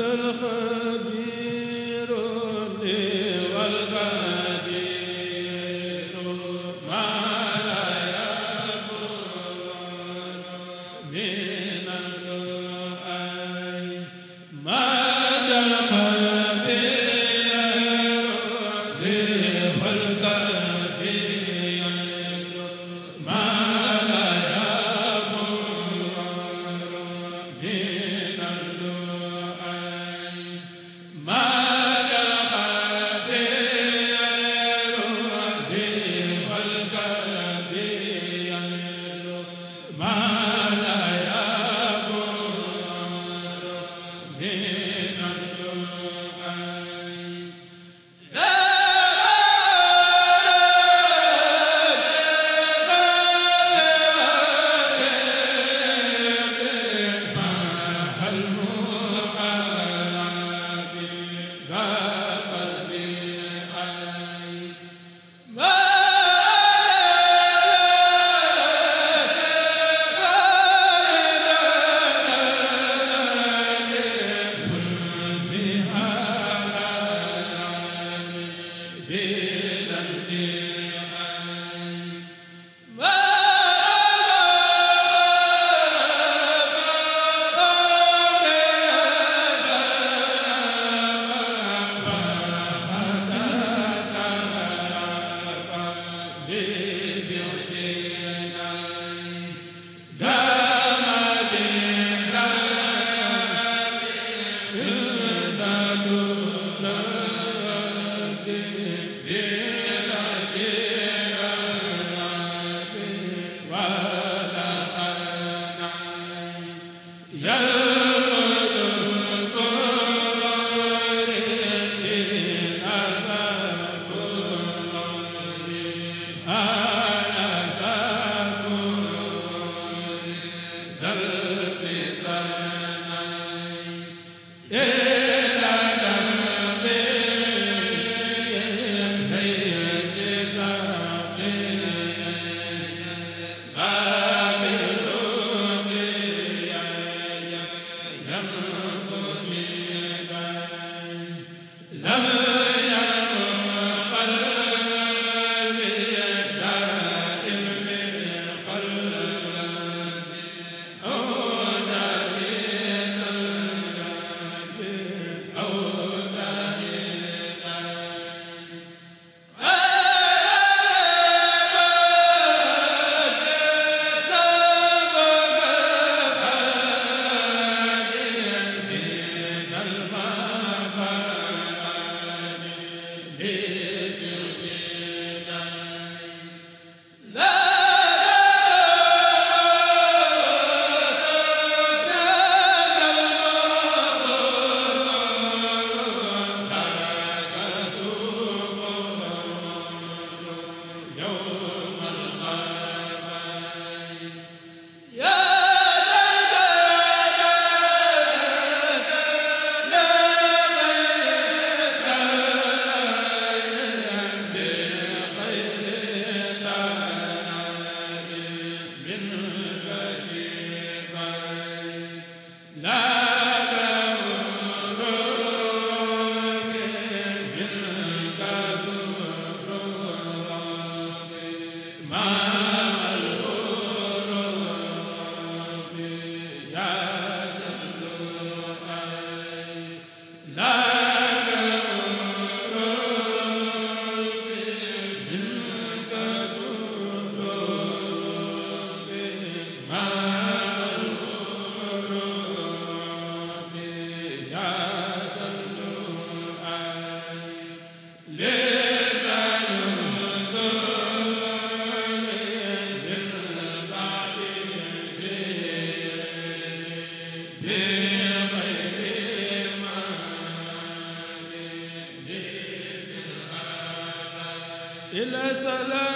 abdal bi ila salaam